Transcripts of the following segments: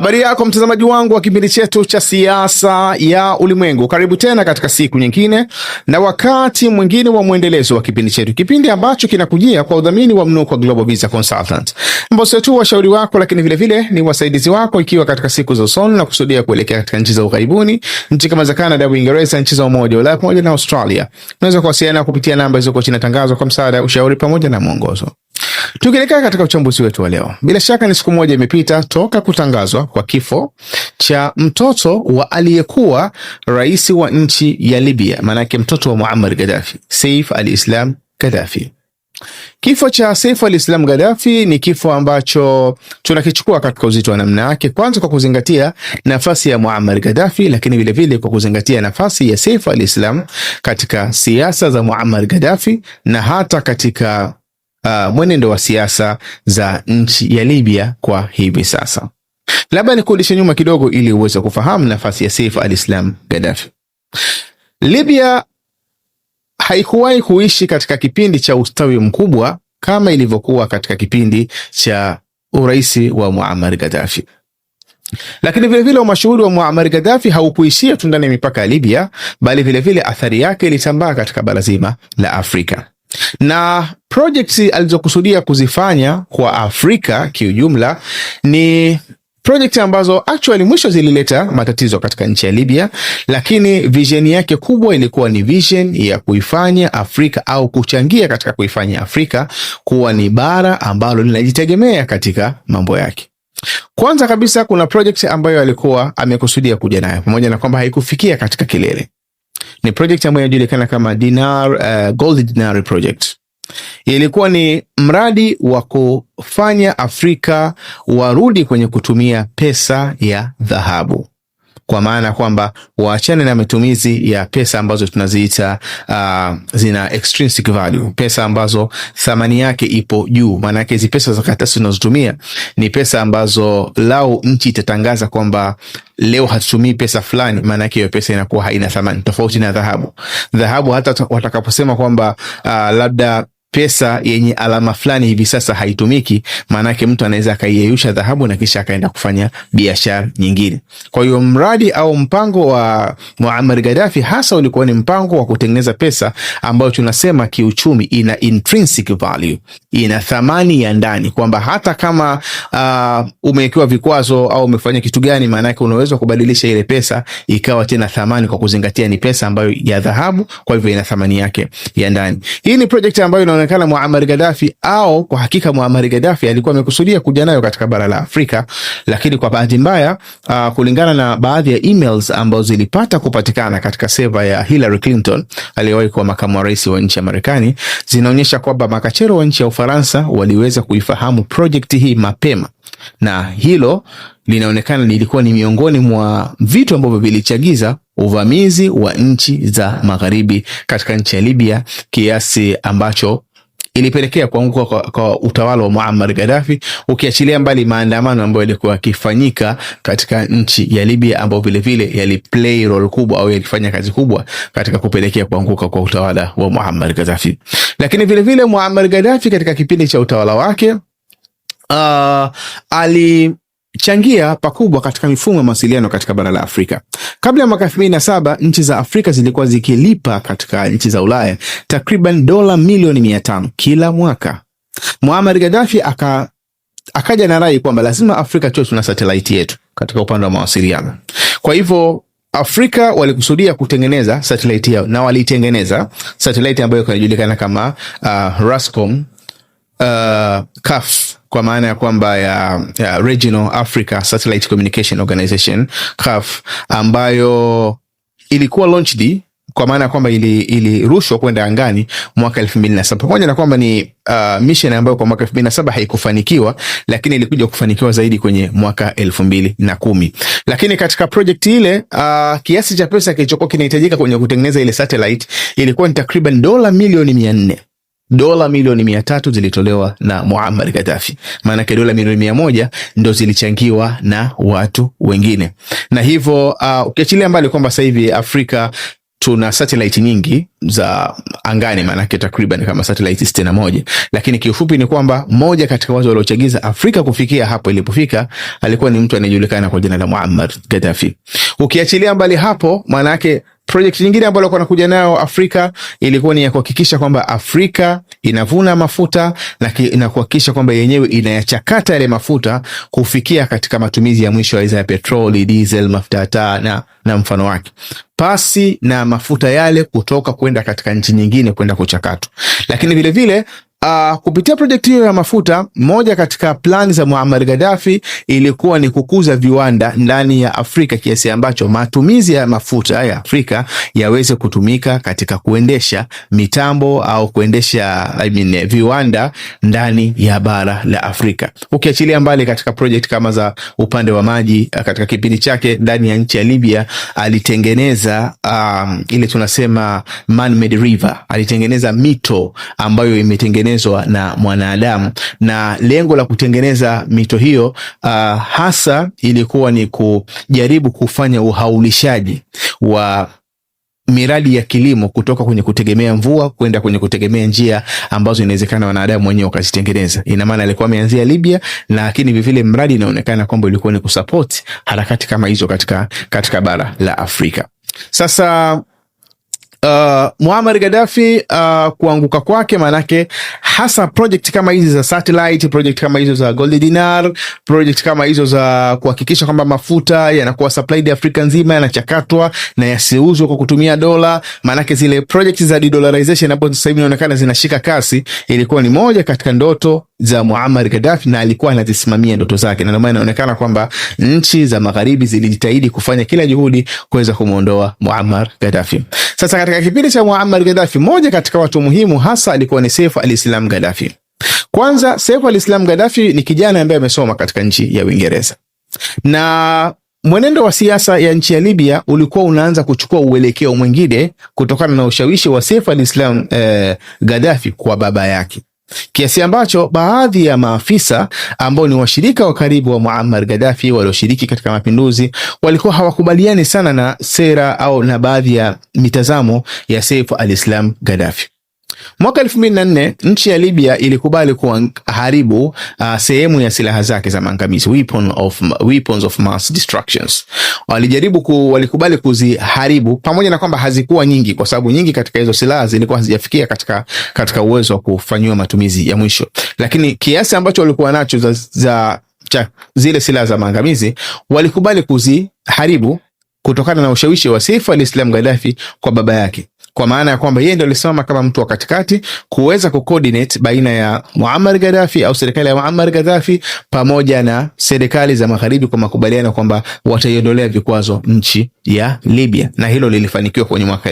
Habari yako mtazamaji wangu wa kipindi chetu cha siasa ya ulimwengu, karibu tena katika siku nyingine na wakati mwingine wa mwendelezo wa kipindi chetu, kipindi ambacho kinakujia kwa udhamini wa mnuko Global Visa Consultant, ambao sio tu washauri wako, lakini vilevile vile, ni wasaidizi wako, ikiwa katika siku za usoni na kusudia kuelekea katika nchi za ughaibuni, nchi kama za Canada, Uingereza, nchi za Umoja Ulaya pamoja na Australia. Unaweza kuwasiliana kupitia namba zilizoko chini ya tangazo kwa msaada, ushauri pamoja na mwongozo. Tukielekea katika uchambuzi wetu wa leo, bila shaka ni siku moja imepita toka kutangazwa kwa kifo cha mtoto wa aliyekuwa rais wa nchi ya Libya, maanake mtoto wa Muammar Gaddafi, Saif al-Islam Gaddafi. Kifo cha Saif al-Islam Gaddafi ni kifo ambacho tunakichukua katika uzito wa namna yake, kwanza kwa kuzingatia nafasi ya Muammar Gaddafi, lakini vilevile kwa kuzingatia nafasi ya Saif al-Islam katika siasa za Muammar Gaddafi na hata katika uh, mwenendo wa siasa za nchi ya Libya kwa hivi sasa. Labda nikurudishe nyuma kidogo ili uweze kufahamu nafasi ya Saif al-Islam Gaddafi. Libya haikuwahi kuishi katika kipindi cha ustawi mkubwa kama ilivyokuwa katika kipindi cha uraisi wa Muammar Gaddafi, lakini vilevile umashuhuri wa Muammar Gaddafi haukuishia tu ndani ya mipaka ya Libya, bali vilevile vile athari yake ilitambaa katika bara zima la Afrika na projects alizokusudia kuzifanya kwa Afrika kiujumla ni project ambazo actually mwisho zilileta matatizo katika nchi ya Libya, lakini vision yake kubwa ilikuwa ni vision ya kuifanya Afrika au kuchangia katika kuifanya Afrika kuwa ni bara ambalo linajitegemea katika mambo yake. Kwanza kabisa kuna project ambayo alikuwa amekusudia kuja nayo, pamoja na kwamba haikufikia katika kilele ni project ambayo inajulikana kama Dinar, uh, Gold Dinar project. Ilikuwa ni mradi wa kufanya Afrika warudi kwenye kutumia pesa ya dhahabu kwa maana kwamba waachane na matumizi ya pesa ambazo tunaziita uh, zina extrinsic value, pesa ambazo thamani yake ipo juu. Maana yake hizi pesa za karatasi tunazotumia ni pesa ambazo lau nchi itatangaza kwamba leo hatutumii pesa fulani, maana yake hiyo pesa inakuwa haina thamani, tofauti na dhahabu. Dhahabu hata watakaposema kwamba uh, labda pesa yenye alama fulani hivi sasa haitumiki, maanake mtu anaweza akaiyeyusha dhahabu na kisha akaenda kufanya biashara nyingine. Kwa hiyo mradi au mpango wa Muammar Gaddafi hasa ulikuwa ni mpango wa kutengeneza pesa ambayo tunasema kiuchumi ina intrinsic value, ina thamani ya ndani, kwamba hata kama uh, umewekewa vikwazo au umefanya kitu gani, maanake unaweza kubadilisha ile pesa ikawa tena thamani, kwa kuzingatia ni pesa ambayo ya dhahabu, kwa hivyo ina thamani yake ya ndani. Hii ni project ambayo ina inaonekana Muammar Gaddafi au kwa hakika Muammar Gaddafi alikuwa amekusudia kuja nayo katika bara la Afrika, lakini kwa bahati mbaya uh, kulingana na baadhi ya emails ambazo zilipata kupatikana katika seva ya Hillary Clinton aliyewahi kuwa makamu wa rais wa nchi ya Marekani zinaonyesha kwamba makachero wa nchi ya Ufaransa waliweza kuifahamu projekti hii mapema na hilo linaonekana lilikuwa ni miongoni mwa vitu ambavyo vilichagiza uvamizi wa nchi za magharibi katika nchi ya Libya kiasi ambacho ilipelekea kuanguka kwa, kwa utawala wa Muammar Gaddafi, ukiachilia mbali maandamano ambayo yalikuwa yakifanyika katika nchi ya Libya ambayo vilevile yaliplay role kubwa au yalifanya kazi kubwa katika kupelekea kuanguka kwa utawala wa Muammar Gaddafi. Lakini vilevile Muammar Gaddafi katika kipindi cha utawala wake uh, ali changia pakubwa katika mifumo ya mawasiliano katika bara la Afrika. Kabla ya mwaka saba nchi za Afrika zilikuwa zikilipa katika nchi za Ulaya takriban dola milioni mia tano kila mwaka. Muammar Gaddafi aka akaja na rai kwamba lazima Afrika tuwe tuna satelaiti yetu katika upande wa mawasiliano. Kwa hivyo Afrika walikusudia kutengeneza satelaiti yao na walitengeneza satelaiti ambayo inajulikana kama uh, Rascom uh, CAF kwa maana ya kwamba ya, ya Regional Africa Satellite Communication Organization CAF, ambayo ilikuwa launched kwa maana ya kwamba ilirushwa ili kwenda angani mwaka elfu mbili na saba pamoja na kwamba ni uh, mission ambayo kwa mwaka elfu mbili na saba haikufanikiwa, lakini ilikuja kufanikiwa zaidi kwenye mwaka elfu mbili na kumi. Lakini katika project ile uh, kiasi cha pesa kilichokuwa kinahitajika kwenye kutengeneza ile satellite ilikuwa ni takriban dola milioni mia nne dola milioni mia tatu zilitolewa na Muammar Gaddafi. Maana yake dola milioni mia moja ndo zilichangiwa na watu wengine, na hivyo uh, ukiachilia uh, mbali kwamba sasa hivi Afrika tuna satellite nyingi za angani, maanake takriban kama satellite sitini na moja, lakini kiufupi ni kwamba moja katika watu waliochagiza Afrika kufikia hapo ilipofika alikuwa ni mtu anayejulikana kwa jina la Muammar Gaddafi. Ukiachilia mbali hapo, maanake Projekti nyingine ambayo alikuwa anakuja nayo Afrika ilikuwa ni ya kuhakikisha kwamba Afrika inavuna mafuta na kuhakikisha kwamba yenyewe inayachakata yale mafuta kufikia katika matumizi ya mwisho ya petroli, diesel, mafuta taa na, na mfano wake pasi na mafuta yale kutoka kwenda katika nchi nyingine kwenda kuchakatwa, lakini vilevile Uh, kupitia project hiyo ya mafuta, moja katika plani za Muammar Gaddafi ilikuwa ni kukuza viwanda ndani ya Afrika kiasi ambacho matumizi ya mafuta ya Afrika yaweze kutumika katika kuendesha mitambo au kuendesha I mean, viwanda ndani ya bara la Afrika, ukiachilia mbali katika project kama za upande wa maji. Ah, katika kipindi chake ndani ya nchi ya Libya alitengeneza um, ile tunasema man-made river, alitengeneza mito ambayo imetengeneza inayotengenezwa na mwanadamu, na lengo la kutengeneza mito hiyo uh, hasa ilikuwa ni kujaribu kufanya uhaulishaji wa miradi ya kilimo kutoka kwenye kutegemea mvua kwenda kwenye kutegemea njia ambazo inawezekana wanadamu wenyewe wakazitengeneza. Ina maana alikuwa ameanzia Libya, lakini vivile mradi inaonekana kwamba ilikuwa ni kusapoti harakati kama hizo katika, katika bara la Afrika. Sasa uh, Muammar Gaddafi uh, kuanguka kwake, maanake hasa project kama hizi za satellite, project kama hizo za gold dinar, project kama hizo za kuhakikisha kwamba mafuta yanakuwa supplied Afrika nzima yanachakatwa na yasiuzwe kwa kutumia dola, maanake zile project za de-dollarization ambazo sasa hivi inaonekana zinashika kasi, ilikuwa ni moja katika ndoto za Muammar Gaddafi na alikuwa anazisimamia ndoto zake, na ndio maana inaonekana kwamba nchi za magharibi zilijitahidi kufanya kila juhudi kuweza kumuondoa Muammar Gaddafi. Sasa katika kipindi cha Muammar Gaddafi, moja katika watu muhimu hasa alikuwa ni Seif al-Islam Gaddafi. Kwanza, Seif al-Islam Gaddafi ni kijana ambaye amesoma katika nchi ya Uingereza na mwenendo wa siasa ya nchi ya Libya ulikuwa unaanza kuchukua uelekeo mwingine kutokana na ushawishi wa Seif al-Islam eh, Gaddafi kwa baba yake kiasi ambacho baadhi ya maafisa ambao ni washirika wa karibu wa Muammar Gaddafi walioshiriki katika mapinduzi walikuwa hawakubaliani sana na sera au na baadhi ya mitazamo ya Saif al-Islam Gaddafi. Mwaka elfu mbili na nne nchi ya Libya ilikubali kuharibu uh, sehemu ya silaha zake za maangamizi weapon of, weapons of mass destructions. Walijaribu ku, walikubali kuziharibu pamoja na kwamba hazikuwa nyingi, kwa sababu nyingi katika hizo silaha zilikuwa hazijafikia katika, katika uwezo wa kufanyiwa matumizi ya mwisho, lakini kiasi ambacho walikuwa nacho za, za cha, zile silaha za maangamizi walikubali kuziharibu kutokana na ushawishi wa Saif al-Islam Gaddafi kwa baba yake kwa maana ya kwamba yeye ndio alisimama kama mtu wa katikati kuweza kucoordinate baina ya Muammar Gaddafi au serikali ya Muammar Gaddafi pamoja na serikali za magharibi kwa makubaliano kwamba wataiondolea vikwazo nchi ya Libya, na hilo lilifanikiwa kwenye mwaka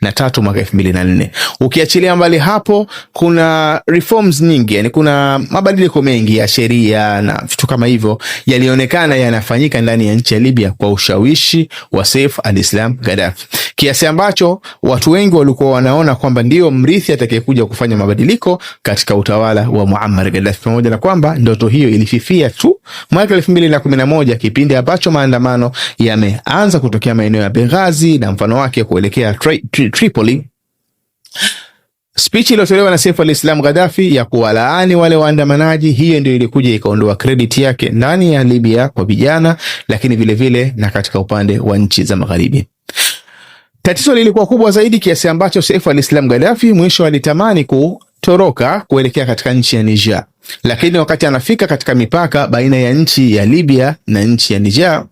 na tatu mwaka na nne Ukiachilia mbali hapo, kuna reforms nyingi, yani kuna mabadiliko mengi ya sheria na vitu kama hivyo yalionekana yanafanyika ndani ya nchi ya Libya kwa ushawishi wa Saif al-Islam Gaddafi kiasi ambacho wa watu wengi walikuwa wanaona kwamba ndiyo mrithi atakayekuja kufanya mabadiliko katika utawala wa Muammar Gaddafi, pamoja na kwamba ndoto hiyo ilififia tu mwaka elfu mbili na kumi na moja kipindi ambacho maandamano yameanza kutokea maeneo ya Benghazi na mfano wake kuelekea tri, tri, Tripoli. Spichi iliyotolewa na Saif al-Islam Gaddafi ya kuwalaani wale waandamanaji, hiyo ndio ilikuja ikaondoa credit yake ndani ya Libya kwa vijana, lakini vilevile vile na katika upande wa nchi za Magharibi. Tatizo lilikuwa kubwa zaidi kiasi ambacho Seif al-Islam Gaddafi mwisho alitamani kutoroka kuelekea katika nchi ya Niger, lakini wakati anafika katika mipaka baina ya nchi ya Libya na nchi ya Niger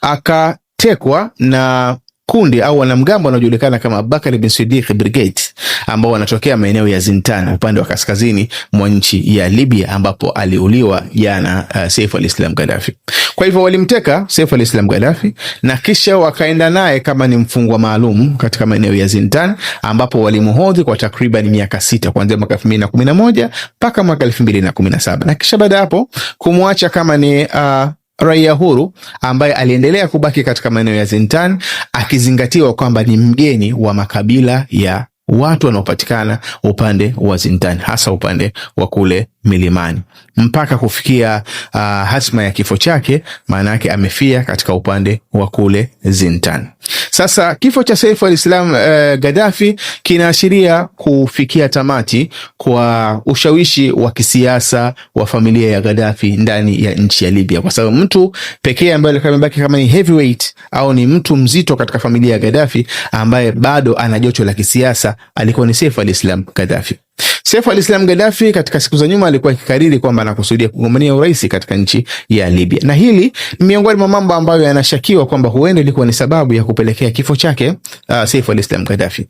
akatekwa na kundi au wanamgambo wanaojulikana kama Bakar bin Siddiq Brigade ambao wanatokea maeneo ya Zintan upande wa kaskazini mwa nchi ya Libya ambapo aliuliwa jana uh, Saif al-Islam Gaddafi. Kwa hivyo walimteka Saif al-Islam Gaddafi na kisha wakaenda naye kama ni mfungwa maalum katika maeneo ya Zintan ambapo walimhodhi kwa takriban miaka sita kuanzia mwaka 2011 mpaka mwaka 2017 na kisha baada hapo kumwacha kama ni uh, raia huru ambaye aliendelea kubaki katika maeneo ya Zintan akizingatiwa kwamba ni mgeni wa makabila ya watu wanaopatikana upande wa Zintan hasa upande wa kule milimani mpaka kufikia uh, ah, hatma ya kifo chake. Maana yake amefia katika upande wa kule Zintan. Sasa kifo cha Saif al-Islam uh, Gaddafi kinaashiria kufikia tamati kwa ushawishi wa kisiasa wa familia ya Gaddafi ndani ya nchi ya Libya, kwa sababu mtu pekee ambaye alikuwa amebaki kama ni heavyweight au ni mtu mzito katika familia ya Gaddafi ambaye bado ana jocho la kisiasa alikuwa ni Saif al-Islam Gaddafi. Seif al-Islam Gaddafi katika siku za nyuma alikuwa akikariri kwamba anakusudia kugombania urais katika nchi ya Libya, na hili ni miongoni mwa mambo ambayo yanashakiwa kwamba huenda ilikuwa ni sababu ya kupelekea kifo chake. Uh, Seif al-Islam Gaddafi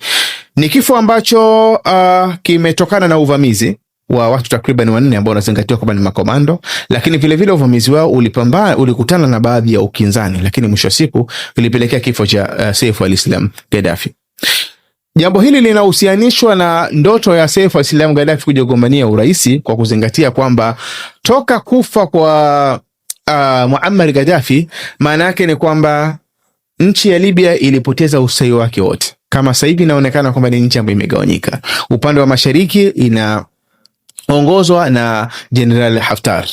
ni kifo ambacho uh, kimetokana na uvamizi wa watu takriban wanne ambao wanazingatiwa kwamba ni makomando, lakini vilevile uvamizi wao ulipambana, ulikutana na baadhi ya ukinzani, lakini mwisho wa siku ilipelekea kifo cha uh, Seif al-Islam Gaddafi. Jambo hili linahusianishwa na ndoto ya Seif Islam Gaddafi kujagombania urais kwa kuzingatia kwamba toka kufa kwa uh, Muammar Gaddafi, maana yake ni kwamba nchi ya Libya ilipoteza ustawi wake wote. Kama sasa hivi inaonekana kwamba ni nchi ambayo imegawanyika, upande wa mashariki inaongozwa na General Haftar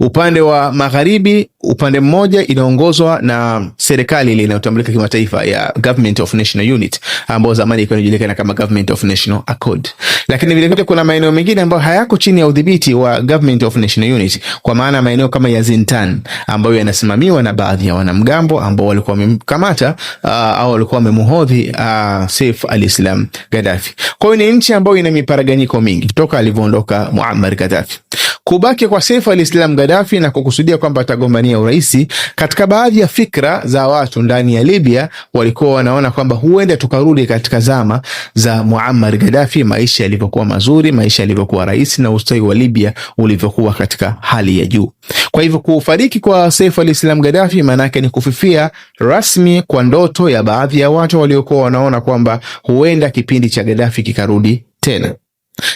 Upande wa magharibi, upande mmoja inaongozwa na serikali ile inayotambulika kimataifa ya Government of National Unit, ambayo zamani ilikuwa inajulikana kama Government of National Accord, lakini vile vile kuna maeneo mengine ambayo hayako chini ya udhibiti wa Government of National Unit, kwa maana maeneo kama ya Zintan ambayo yanasimamiwa na baadhi ya wanamgambo ambao walikuwa wamemkamata uh, au walikuwa wamemhodhi uh, Saif al-Islam Gaddafi. Kwa hiyo ni nchi ambayo ina miparaganyiko mingi toka alivyoondoka Muammar Gaddafi. Kubaki kwa Saif al-Islam Ibrahim Gaddafi na kukusudia kwamba atagombania uraisi. Katika baadhi ya fikra za watu ndani ya Libya walikuwa wanaona kwamba huenda tukarudi katika zama za Muammar Gaddafi, maisha yalivyokuwa mazuri, maisha yalivyokuwa rahisi na ustawi wa Libya ulivyokuwa katika hali ya juu. Kwa hivyo kufariki kwa Saif al-Islam Gaddafi maana ni kufifia rasmi kwa ndoto ya baadhi ya watu waliokuwa wanaona kwamba huenda kipindi cha Gaddafi kikarudi tena,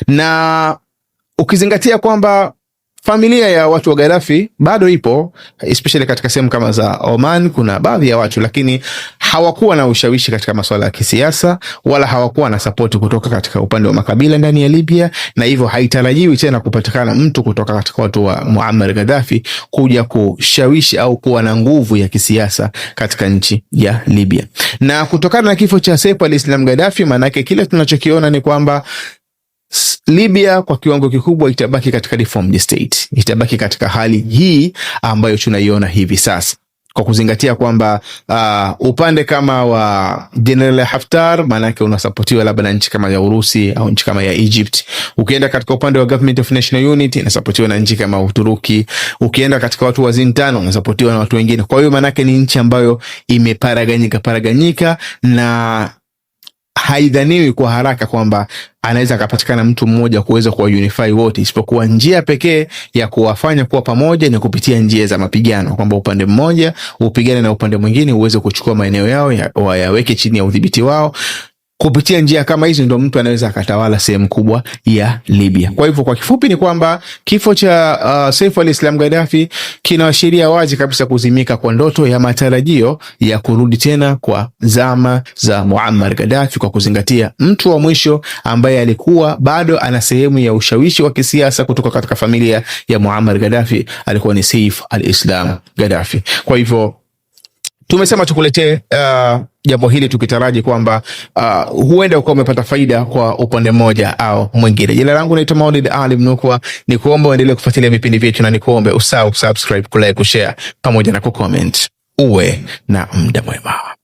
na ukizingatia kwamba familia ya watu wa Gaddafi bado ipo, especially katika sehemu kama za Oman. Kuna baadhi ya watu lakini hawakuwa na ushawishi katika masuala ya kisiasa wala hawakuwa na sapoti kutoka katika upande wa makabila ndani ya Libya, na hivyo haitarajiwi tena kupatikana mtu kutoka katika watu wa Muammar Gaddafi kuja kushawishi au kuwa na nguvu ya kisiasa katika nchi ya Libya. Na kutokana na kifo cha Saif al-Islam Gaddafi, maanake kile tunachokiona ni kwamba Libya kwa kiwango kikubwa itabaki katika deformed state, itabaki katika hali hii ambayo tunaiona hivi sasa kwa kuzingatia kwamba uh, upande kama wa Jenerali Haftar maanake unasapotiwa labda na nchi kama ya Urusi au nchi kama ya Egypt. Ukienda katika upande wa Government of National Unity inasapotiwa na nchi kama Uturuki. Ukienda katika watu wa Zintan unasapotiwa na watu wengine. Kwa hiyo maanake ni nchi ambayo imeparaganyika paraganyika na haidhaniwi kwa haraka kwamba anaweza akapatikana mtu mmoja kuweza unify wote, isipokuwa njia pekee ya kuwafanya kuwa pamoja ni kupitia njia za mapigano, kwamba upande mmoja upigane na upande mwingine uweze kuchukua maeneo yao, wayaweke chini ya udhibiti wao Kupitia njia kama hizi ndo mtu anaweza akatawala sehemu kubwa ya Libya. Kwa hivyo, kwa kifupi ni kwamba kifo cha uh, Saif al-Islam Gaddafi kinaashiria wazi kabisa kuzimika kwa ndoto ya matarajio ya kurudi tena kwa zama za Muammar Gaddafi, kwa kuzingatia mtu wa mwisho ambaye alikuwa bado ana sehemu ya ushawishi wa kisiasa kutoka katika familia ya Muammar Gaddafi alikuwa ni Saif al-Islam Gaddafi. Kwa hivyo tumesema tukuletee uh, jambo hili tukitaraji kwamba uh, huenda ukawa umepata faida kwa upande mmoja au mwingine. Jina langu naitwa Maulid Ali Mnukwa, ni kuomba uendelee kufuatilia vipindi vyetu na nikuombe usahau kusubscribe, kulike, kushare pamoja na kucomment. Uwe na muda mwema.